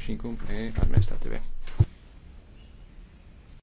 tlumočníkům i administrativě.